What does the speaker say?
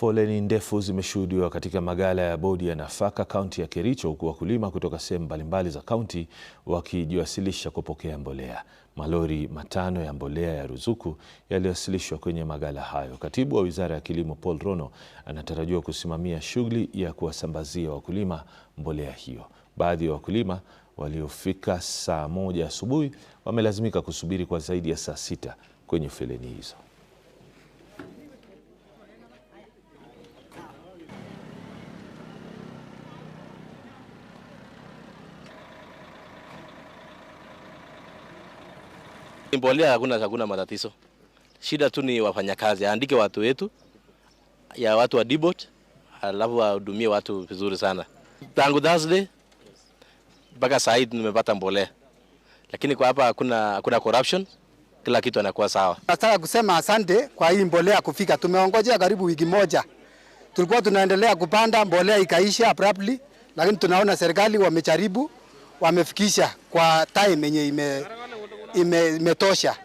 Foleni ndefu zimeshuhudiwa katika maghala ya bodi ya nafaka kaunti ya Kericho, huku wakulima kutoka sehemu mbalimbali za kaunti wakijiwasilisha kupokea mbolea. Malori matano ya mbolea ya ruzuku yaliwasilishwa kwenye maghala hayo. Katibu wa Wizara ya Kilimo Paul Rono anatarajiwa kusimamia shughuli ya kuwasambazia wakulima mbolea hiyo. Baadhi ya wakulima waliofika saa moja asubuhi wamelazimika kusubiri kwa zaidi ya saa sita kwenye foleni hizo. Mbolea hakuna, hakuna matatizo. Shida tu ni wafanyakazi, aandike watu wetu ya watu wa Dibot, alafu wahudumie watu vizuri sana. Tangu Thursday mpaka saa hii nimepata mbolea, lakini kwa hapa hakuna hakuna corruption, kila kitu anakuwa sawa. Nataka kusema asante kwa hii mbolea kufika. Tumeongojea karibu wiki moja, tulikuwa tunaendelea kupanda mbolea ikaisha abruptly, lakini tunaona serikali wamejaribu, wamefikisha kwa time yenye ime imetosha ime